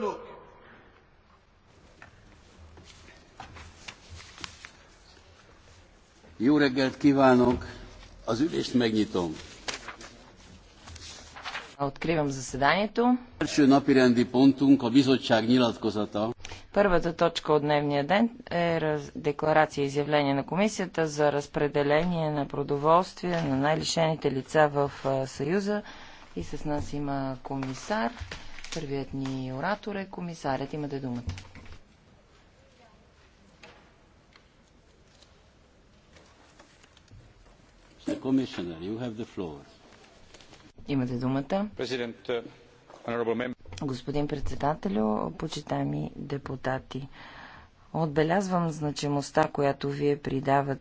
look. Jó reggelt kívánok! Az ülést megnyitom. Откривам заседанието. Első napi pontunk a Първата точка от дневния ден е раз... декларация и изявление на комисията за разпределение на продоволствие на най-лишените лица в Съюза. И с нас има комисар. Първият ни оратор е комисарят. Имате думата. Имате думата. Господин председателю, почитаеми депутати, отбелязвам значимостта, която вие придавате